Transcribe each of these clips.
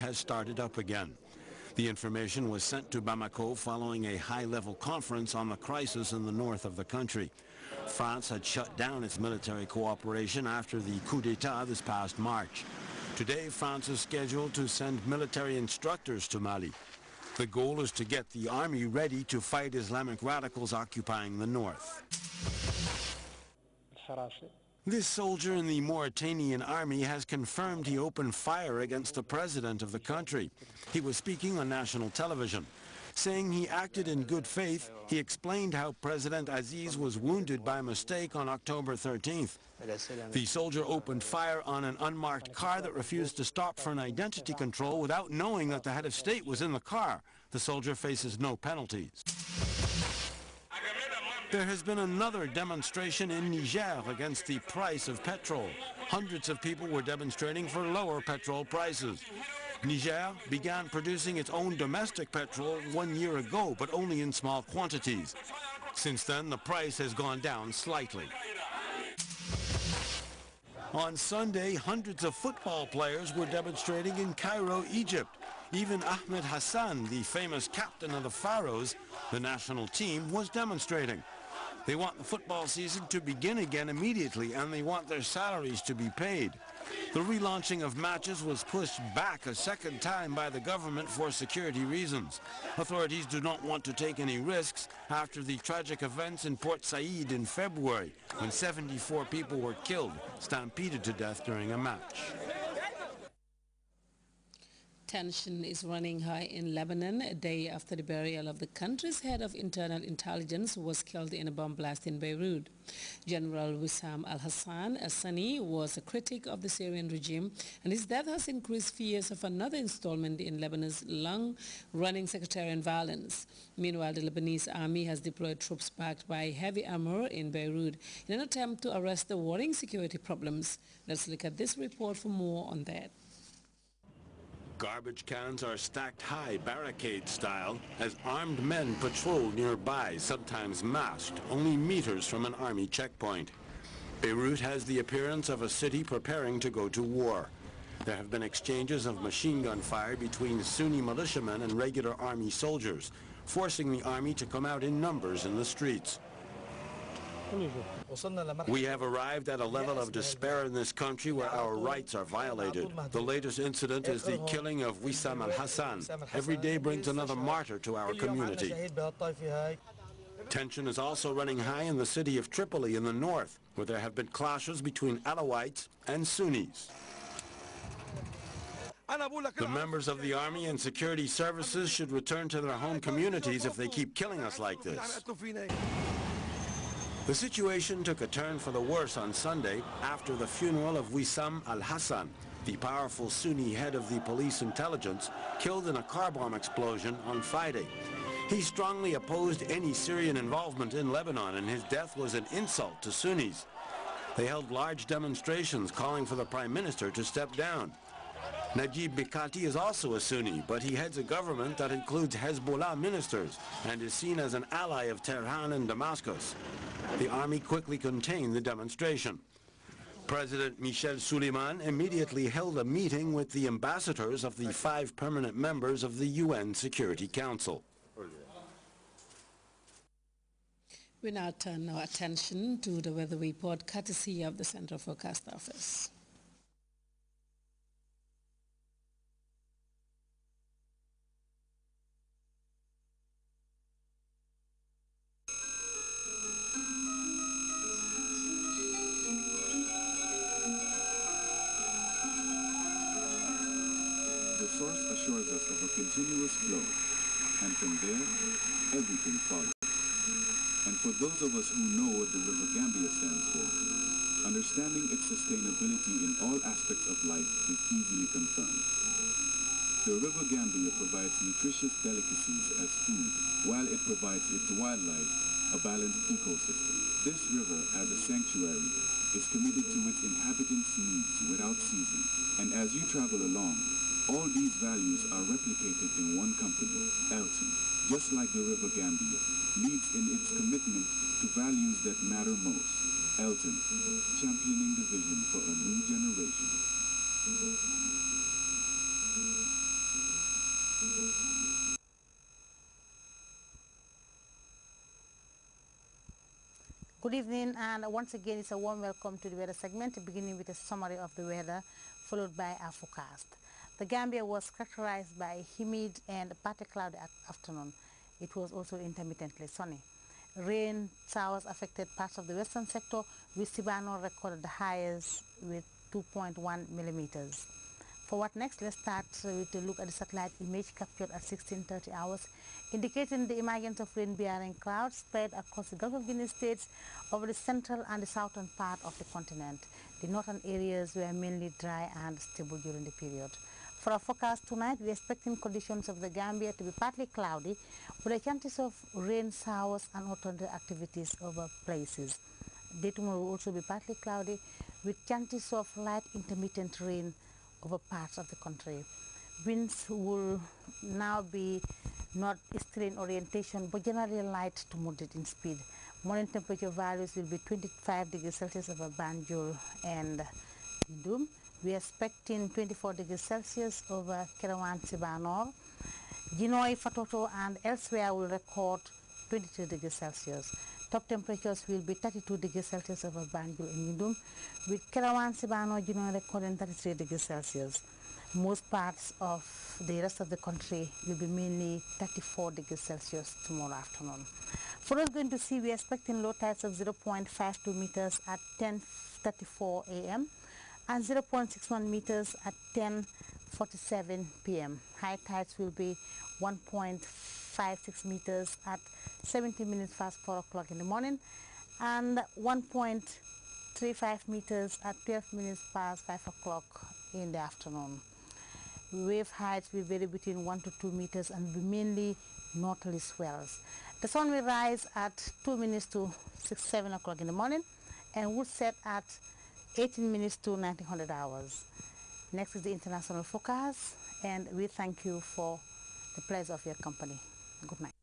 has started up again. The information was sent to Bamako following a high-level conference on the crisis in the north of the country. France had shut down its military cooperation after the coup d'etat this past March. Today, France is scheduled to send military instructors to Mali. The goal is to get the army ready to fight Islamic radicals occupying the north. This soldier in the Mauritanian army has confirmed he opened fire against the president of the country. He was speaking on national television. Saying he acted in good faith, he explained how President Aziz was wounded by mistake on October 13th. The soldier opened fire on an unmarked car that refused to stop for an identity control without knowing that the head of state was in the car. The soldier faces no penalties. There has been another demonstration in Niger against the price of petrol. Hundreds of people were demonstrating for lower petrol prices. Niger began producing its own domestic petrol one year ago, but only in small quantities. Since then, the price has gone down slightly. On Sunday, hundreds of football players were demonstrating in Cairo, Egypt. Even Ahmed Hassan, the famous captain of the Pharaohs, the national team, was demonstrating. They want the football season to begin again immediately, and they want their salaries to be paid. The relaunching of matches was pushed back a second time by the government for security reasons. Authorities do not want to take any risks after the tragic events in Port Said in February, when 74 people were killed, stampeded to death during a match. Tension is running high in Lebanon a day after the burial of the country's head of internal intelligence was killed in a bomb blast in Beirut. General Wissam al-Hassan Assani was a critic of the Syrian regime and his death has increased fears of another installment in Lebanon's long-running sectarian violence. Meanwhile, the Lebanese army has deployed troops backed by heavy armor in Beirut in an attempt to arrest the worrying security problems. Let's look at this report for more on that. Garbage cans are stacked high barricade style as armed men patrol nearby, sometimes masked, only meters from an army checkpoint. Beirut has the appearance of a city preparing to go to war. There have been exchanges of machine gun fire between Sunni militiamen and regular army soldiers, forcing the army to come out in numbers in the streets. We have arrived at a level of despair in this country where our rights are violated. The latest incident is the killing of Wissam al-Hassan. Every day brings another martyr to our community. Tension is also running high in the city of Tripoli in the north, where there have been clashes between Alawites and Sunnis. The members of the army and security services should return to their home communities if they keep killing us like this. The situation took a turn for the worse on Sunday after the funeral of Wissam al-Hassan, the powerful Sunni head of the police intelligence, killed in a car bomb explosion on Friday. He strongly opposed any Syrian involvement in Lebanon, and his death was an insult to Sunnis. They held large demonstrations calling for the prime minister to step down. Najib Mikati is also a Sunni, but he heads a government that includes Hezbollah ministers and is seen as an ally of Tehran and Damascus. The army quickly contained the demonstration. President Michel Suleiman immediately held a meeting with the ambassadors of the five permanent members of the UN Security Council. We now turn our attention to the weather report courtesy of the Central Forecast Office. source assures us of a continuous flow, and from there, everything follows. And for those of us who know what the River Gambia stands for, understanding its sustainability in all aspects of life is easily confirmed. The River Gambia provides nutritious delicacies as food, while it provides its wildlife a balanced ecosystem. This river, as a sanctuary, is committed to its inhabitants' needs without season. And as you travel along, all these values are replicated in one company, Elton, just like the River Gambia, leads in its commitment to values that matter most. Elton, championing the vision for a new generation. Good evening, and once again, it's a warm welcome to the weather segment, beginning with a summary of the weather, followed by our forecast. The Gambia was characterized by humid and partly cloudy afternoon. It was also intermittently sunny. Rain showers affected parts of the western sector, which Sibano recorded the highest with 2.1 millimeters. For what next, let's start with a look at the satellite image captured at 16.30 hours, indicating the emergence of rain-bearing clouds spread across the Gulf of Guinea states over the central and the southern part of the continent. The northern areas were mainly dry and stable during the period. For our forecast tonight, we're expecting conditions of the Gambia to be partly cloudy with a chances of rain showers and autumnal activities over places. Day tomorrow will also be partly cloudy with chances of light intermittent rain over parts of the country. Winds will now be northeasterly in orientation but generally light to moderate in speed. Morning temperature values will be 25 degrees Celsius over Banjul and Indum. We are expecting 24 degrees Celsius over Kerawan Sibanor. Ginoy Fatoto and elsewhere will record 23 degrees Celsius. Top temperatures will be 32 degrees Celsius over Banjul and Yindum, with Kerawan Sibano Ginoy recording 33 degrees Celsius. Most parts of the rest of the country will be mainly 34 degrees Celsius tomorrow afternoon. For us going to see, we are expecting low tides of 0.52 meters at 10.34 a.m and 0.61 meters at 10.47 p.m. High tides will be 1.56 meters at 70 minutes past 4 o'clock in the morning and 1.35 meters at 12 minutes past 5 o'clock in the afternoon. Wave heights will vary between 1 to 2 meters and be mainly northerly swells. The sun will rise at 2 minutes to 6, 7 o'clock in the morning and will set at 18 minutes to 1900 hours. Next is the international focus and we thank you for the pleasure of your company. Good night.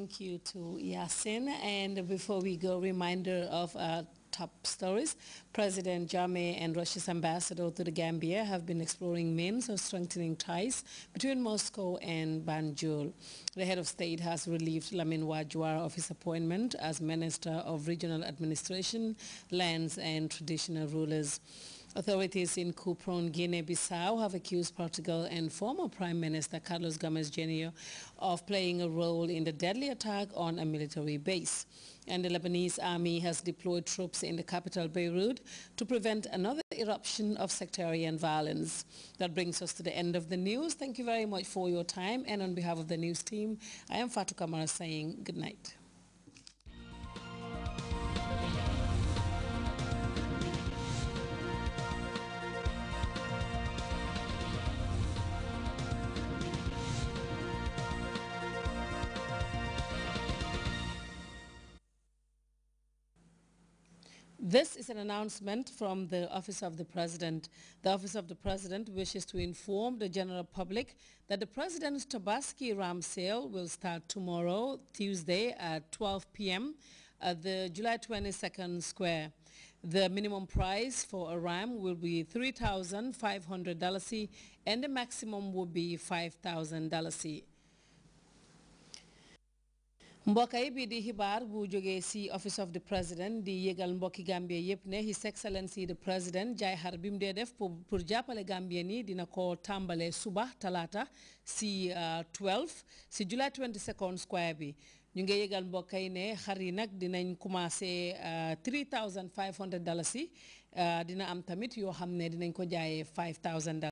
Thank you to Yasin. And before we go, reminder of our top stories. President Jammeh and Russia's ambassador to the Gambia have been exploring means of strengthening ties between Moscow and Banjul. The head of state has relieved Lamin Wajwar of his appointment as Minister of Regional Administration, Lands and Traditional Rulers. Authorities in Cupron, Guinea-Bissau have accused Portugal and former Prime Minister Carlos Gomes Jr. of playing a role in the deadly attack on a military base. And the Lebanese army has deployed troops in the capital Beirut to prevent another eruption of sectarian violence. That brings us to the end of the news. Thank you very much for your time and on behalf of the news team, I am Fatou Kamara saying good night. This is an announcement from the Office of the President. The Office of the President wishes to inform the general public that the President's Tobaski Ram sale will start tomorrow, Tuesday at 12 p.m. at the July 22nd Square. The minimum price for a ram will be $3,500 and the maximum will be $5,000. mbokkay bii di xibaar bu jógee si office of the president di yëgal mbokki gambie yëpp ne his excellency the president jaay xar bi mu dee def pour pour jàppale gambien nii dina ko tàmbalee suba talaata si 12 si july 22nd square bi ñu ngi yëgal mbokk yi ne xar yi nag dinañ commencé 3500 euh, dollars yi euh, dina am tamit yoo xam ne dinañ ko jaayee 5000